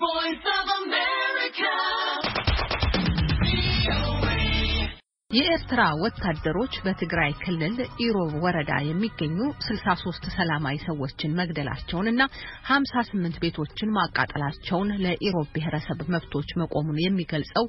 voice of America. የኤርትራ ወታደሮች በትግራይ ክልል ኢሮብ ወረዳ የሚገኙ 63 ሰላማዊ ሰዎችን መግደላቸውንና 58 ቤቶችን ማቃጠላቸውን ለኢሮብ ብሔረሰብ መብቶች መቆሙን የሚገልጸው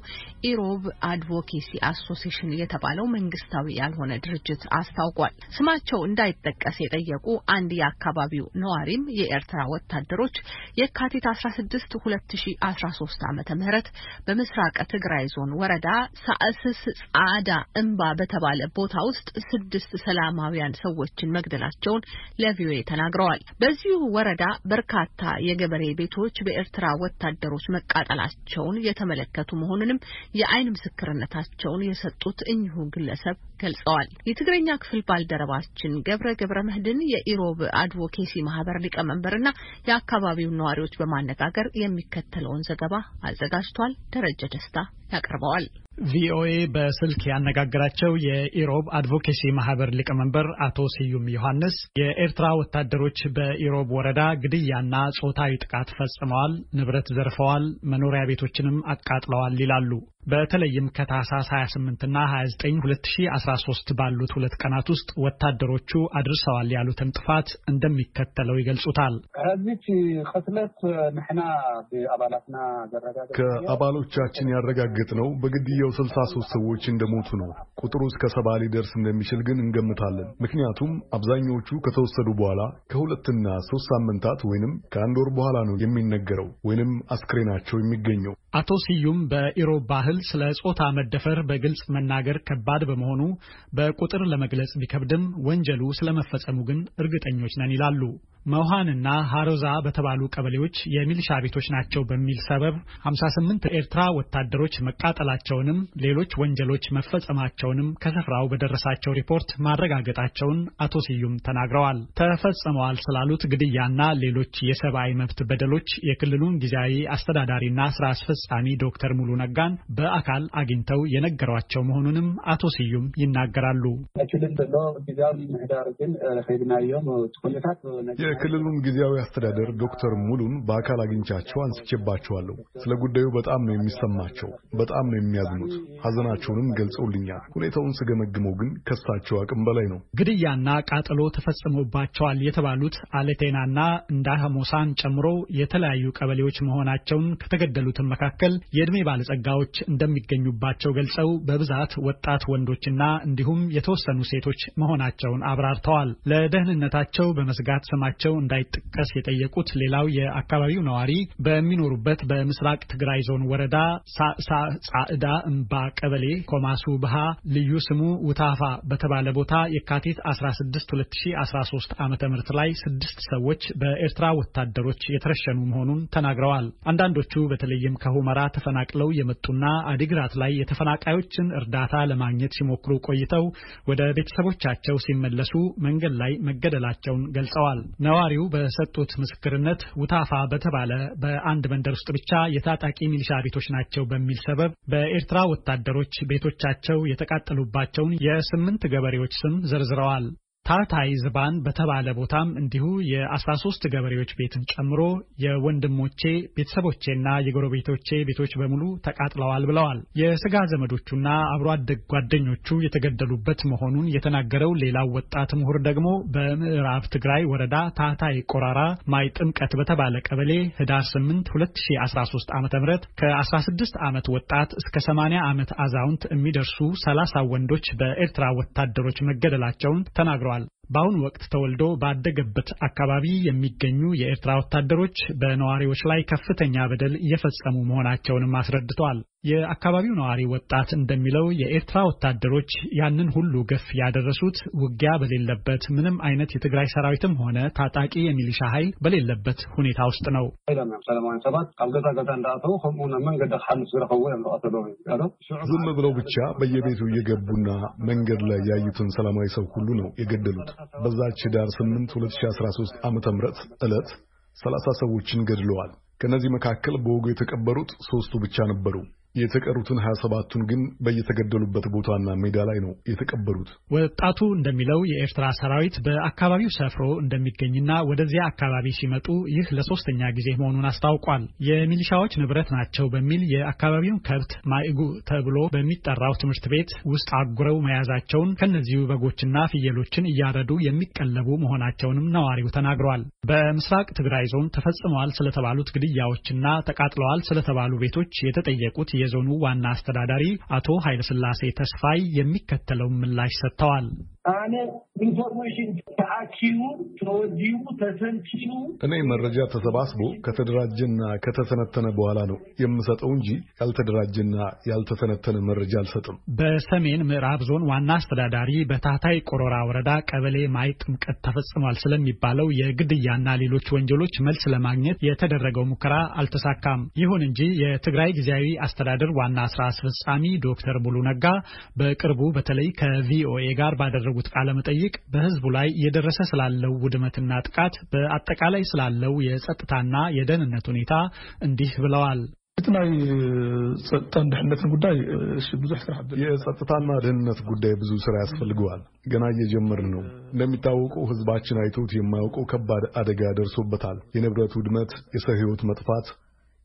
ኢሮብ አድቮኬሲ አሶሴሽን የተባለው መንግስታዊ ያልሆነ ድርጅት አስታውቋል። ስማቸው እንዳይጠቀስ የጠየቁ አንድ የአካባቢው ነዋሪም የኤርትራ ወታደሮች የካቲት 16 2013 ም በምስራቅ ትግራይ ዞን ወረዳ ሳእስስ ጻዳ እምባ በተባለ ቦታ ውስጥ ስድስት ሰላማዊያን ሰዎችን መግደላቸውን ለቪኦኤ ተናግረዋል። በዚሁ ወረዳ በርካታ የገበሬ ቤቶች በኤርትራ ወታደሮች መቃጠላቸውን የተመለከቱ መሆኑንም የአይን ምስክርነታቸውን የሰጡት እኚሁ ግለሰብ ገልጸዋል። የትግረኛ ክፍል ባልደረባችን ገብረ ገብረ መህድን የኢሮብ አድቮኬሲ ማህበር ሊቀመንበርና የአካባቢውን ነዋሪዎች በማነጋገር የሚከተለውን ዘገባ አዘጋጅቷል። ደረጀ ደስታ ያቀርበዋል። ቪኦኤ በስልክ ያነጋገራቸው የኢሮብ አድቮኬሲ ማህበር ሊቀመንበር አቶ ስዩም ዮሐንስ የኤርትራ ወታደሮች በኢሮብ ወረዳ ግድያና ጾታዊ ጥቃት ፈጽመዋል፣ ንብረት ዘርፈዋል፣ መኖሪያ ቤቶችንም አቃጥለዋል ይላሉ። በተለይም ከታህሳስ 28ና 29 2013 ባሉት ሁለት ቀናት ውስጥ ወታደሮቹ አድርሰዋል ያሉትን ጥፋት እንደሚከተለው ይገልጹታል። ከአባሎቻችን ያረጋግጥ ነው በግድያው 63 ሰዎች እንደሞቱ ነው። ቁጥሩ እስከ ሰባ ሊደርስ እንደሚችል ግን እንገምታለን። ምክንያቱም አብዛኞቹ ከተወሰዱ በኋላ ከሁለትና ሶስት ሳምንታት ወይንም ከአንድ ወር በኋላ ነው የሚነገረው ወይንም አስክሬናቸው የሚገኘው። አቶ ስዩም በኢሮብ ባህል ስለ ጾታ መደፈር በግልጽ መናገር ከባድ በመሆኑ በቁጥር ለመግለጽ ቢከብድም ወንጀሉ ስለመፈጸሙ ግን እርግጠኞች ነን ይላሉ። መውሃንና ሃሮዛ በተባሉ ቀበሌዎች የሚልሻ ቤቶች ናቸው በሚል ሰበብ 58 ኤርትራ ወታደሮች መቃጠላቸውንም ሌሎች ወንጀሎች መፈጸማቸውንም ከስፍራው በደረሳቸው ሪፖርት ማረጋገጣቸውን አቶ ስዩም ተናግረዋል። ተፈጽመዋል ስላሉት ግድያና ሌሎች የሰብአዊ መብት በደሎች የክልሉን ጊዜያዊ አስተዳዳሪና ስራ አስፈጽ አስፈጻሚ ዶክተር ሙሉ ነጋን በአካል አግኝተው የነገሯቸው መሆኑንም አቶ ስዩም ይናገራሉ። የክልሉን ጊዜያዊ አስተዳደር ዶክተር ሙሉን በአካል አግኝቻቸው አንስቼባቸዋለሁ። ስለ ጉዳዩ በጣም ነው የሚሰማቸው፣ በጣም ነው የሚያዝኑት። ሀዘናቸውንም ገልጸውልኛል። ሁኔታውን ስገመግመው ግን ከሳቸው አቅም በላይ ነው። ግድያና ቃጠሎ ተፈጽሞባቸዋል የተባሉት አለቴናና እንዳሞሳን ጨምሮ የተለያዩ ቀበሌዎች መሆናቸውን ከተገደሉትን መካከል መካከል የዕድሜ ባለጸጋዎች እንደሚገኙባቸው ገልጸው በብዛት ወጣት ወንዶችና እንዲሁም የተወሰኑ ሴቶች መሆናቸውን አብራርተዋል። ለደህንነታቸው በመስጋት ስማቸው እንዳይጠቀስ የጠየቁት ሌላው የአካባቢው ነዋሪ በሚኖሩበት በምስራቅ ትግራይ ዞን ወረዳ ጻዕዳ እምባ ቀበሌ ኮማሱ ብሃ ልዩ ስሙ ውታፋ በተባለ ቦታ የካቲት 16 2013 ዓ ም ላይ ስድስት ሰዎች በኤርትራ ወታደሮች የተረሸኑ መሆኑን ተናግረዋል። አንዳንዶቹ በተለይም ከ ሁመራ ተፈናቅለው የመጡና አዲግራት ላይ የተፈናቃዮችን እርዳታ ለማግኘት ሲሞክሩ ቆይተው ወደ ቤተሰቦቻቸው ሲመለሱ መንገድ ላይ መገደላቸውን ገልጸዋል። ነዋሪው በሰጡት ምስክርነት ውታፋ በተባለ በአንድ መንደር ውስጥ ብቻ የታጣቂ ሚሊሻ ቤቶች ናቸው በሚል ሰበብ በኤርትራ ወታደሮች ቤቶቻቸው የተቃጠሉባቸውን የስምንት ገበሬዎች ስም ዘርዝረዋል። ታታይ ዝባን በተባለ ቦታም እንዲሁ የ13 ገበሬዎች ቤትን ጨምሮ የወንድሞቼ ቤተሰቦቼና የጎረቤቶቼ ቤቶች በሙሉ ተቃጥለዋል ብለዋል። የስጋ ዘመዶቹና አብሮ አደግ ጓደኞቹ የተገደሉበት መሆኑን የተናገረው ሌላው ወጣት ምሁር ደግሞ በምዕራብ ትግራይ ወረዳ ታታይ ቆራራ ማይ ጥምቀት በተባለ ቀበሌ ህዳር 8 2013 ዓ ም ከ16 ዓመት ወጣት እስከ 80 ዓመት አዛውንት የሚደርሱ 30 ወንዶች በኤርትራ ወታደሮች መገደላቸውን ተናግረዋል። በአሁኑ ወቅት ተወልዶ ባደገበት አካባቢ የሚገኙ የኤርትራ ወታደሮች በነዋሪዎች ላይ ከፍተኛ በደል እየፈጸሙ መሆናቸውንም አስረድተዋል። የአካባቢው ነዋሪ ወጣት እንደሚለው የኤርትራ ወታደሮች ያንን ሁሉ ግፍ ያደረሱት ውጊያ በሌለበት ምንም አይነት የትግራይ ሰራዊትም ሆነ ታጣቂ የሚሊሻ ኃይል በሌለበት ሁኔታ ውስጥ ነው። ዝም ብለው ብቻ በየቤቱ እየገቡና መንገድ ላይ ያዩትን ሰላማዊ ሰው ሁሉ ነው የገደሉት። በዛች ዳር 8 2013 ዓ ም ዕለት 30 ሰዎችን ገድለዋል። ከእነዚህ መካከል በወጉ የተቀበሩት ሶስቱ ብቻ ነበሩ። የተቀሩትን ሀያ ሰባቱን ግን በየተገደሉበት ቦታና ሜዳ ላይ ነው የተቀበሩት። ወጣቱ እንደሚለው የኤርትራ ሰራዊት በአካባቢው ሰፍሮ እንደሚገኝና ወደዚያ አካባቢ ሲመጡ ይህ ለሶስተኛ ጊዜ መሆኑን አስታውቋል። የሚሊሻዎች ንብረት ናቸው በሚል የአካባቢውን ከብት ማይጉ ተብሎ በሚጠራው ትምህርት ቤት ውስጥ አጉረው መያዛቸውን ከነዚሁ በጎችና ፍየሎችን እያረዱ የሚቀለቡ መሆናቸውንም ነዋሪው ተናግረዋል። በምስራቅ ትግራይ ዞን ተፈጽመዋል ስለተባሉት ግድያዎችና ተቃጥለዋል ስለተባሉ ቤቶች የተጠየቁት የዞኑ ዋና አስተዳዳሪ አቶ ኃይለስላሴ ተስፋይ የሚከተለውን ምላሽ ሰጥተዋል። አነ ኢንፎርሜሽን ተአኪቡ ተወዚቡ ተሰንቺቡ እኔ መረጃ ተሰባስቦ ከተደራጀና ከተሰነተነ በኋላ ነው የምሰጠው እንጂ ያልተደራጀና ያልተሰነተነ መረጃ አልሰጥም። በሰሜን ምዕራብ ዞን ዋና አስተዳዳሪ በታህታይ ቆሮራ ወረዳ ቀበሌ ማይ ጥምቀት ተፈጽሟል ስለሚባለው የግድያና ሌሎች ወንጀሎች መልስ ለማግኘት የተደረገው ሙከራ አልተሳካም። ይሁን እንጂ የትግራይ ጊዜያዊ አስተዳደር ዋና ስራ አስፈጻሚ ዶክተር ሙሉ ነጋ በቅርቡ በተለይ ከቪኦኤ ጋር ባደረጉ ባደረጉት ቃለ መጠይቅ በህዝቡ ላይ እየደረሰ ስላለው ውድመትና ጥቃት፣ በአጠቃላይ ስላለው የጸጥታና የደህንነት ሁኔታ እንዲህ ብለዋል። እቲ ናይ ፀጥታን ድሕነትን ጉዳይ ብዙሕ ስራሕ የጸጥታና ደህንነት ጉዳይ ብዙ ስራ ያስፈልገዋል። ገና እየጀመርን ነው። እንደሚታወቀው ህዝባችን አይቶት የማያውቀው ከባድ አደጋ ደርሶበታል። የንብረት ውድመት፣ የሰው ህይወት መጥፋት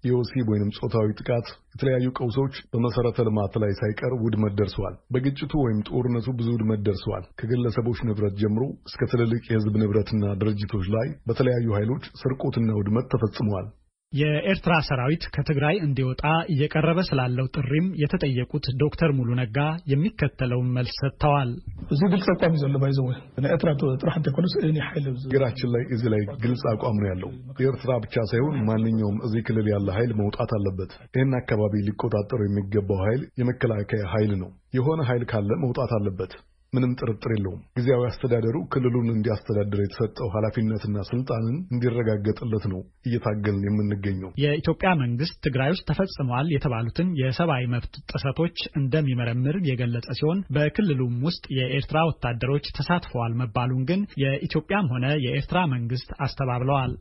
የወሲብ ወይንም ጾታዊ ጥቃት፣ የተለያዩ ቀውሶች በመሰረተ ልማት ላይ ሳይቀር ውድመት ደርሰዋል። በግጭቱ ወይም ጦርነቱ ብዙ ውድመት ደርሰዋል። ከግለሰቦች ንብረት ጀምሮ እስከ ትልልቅ የህዝብ ንብረትና ድርጅቶች ላይ በተለያዩ ኃይሎች ስርቆትና ውድመት ተፈጽመዋል። የኤርትራ ሰራዊት ከትግራይ እንዲወጣ እየቀረበ ስላለው ጥሪም የተጠየቁት ዶክተር ሙሉ ነጋ የሚከተለውን መልስ ሰጥተዋል። እዚ ግልጽ አቋም ዘሎ ባይዘወ ንኤርትራ ጥራሕ እንተይኮነስ ሓይል ላይ እዚ ላይ ግልጽ አቋም ነው ያለው። የኤርትራ ብቻ ሳይሆን ማንኛውም እዚህ ክልል ያለ ኃይል መውጣት አለበት። ይህን አካባቢ ሊቆጣጠሩ የሚገባው ኃይል የመከላከያ ኃይል ነው። የሆነ ኃይል ካለ መውጣት አለበት። ምንም ጥርጥር የለውም። ጊዜያዊ አስተዳደሩ ክልሉን እንዲያስተዳድር የተሰጠው ኃላፊነትና ስልጣንን እንዲረጋገጥለት ነው እየታገልን የምንገኘው። የኢትዮጵያ መንግስት ትግራይ ውስጥ ተፈጽመዋል የተባሉትን የሰብአዊ መብት ጥሰቶች እንደሚመረምር የገለጸ ሲሆን በክልሉም ውስጥ የኤርትራ ወታደሮች ተሳትፈዋል መባሉን ግን የኢትዮጵያም ሆነ የኤርትራ መንግስት አስተባብለዋል።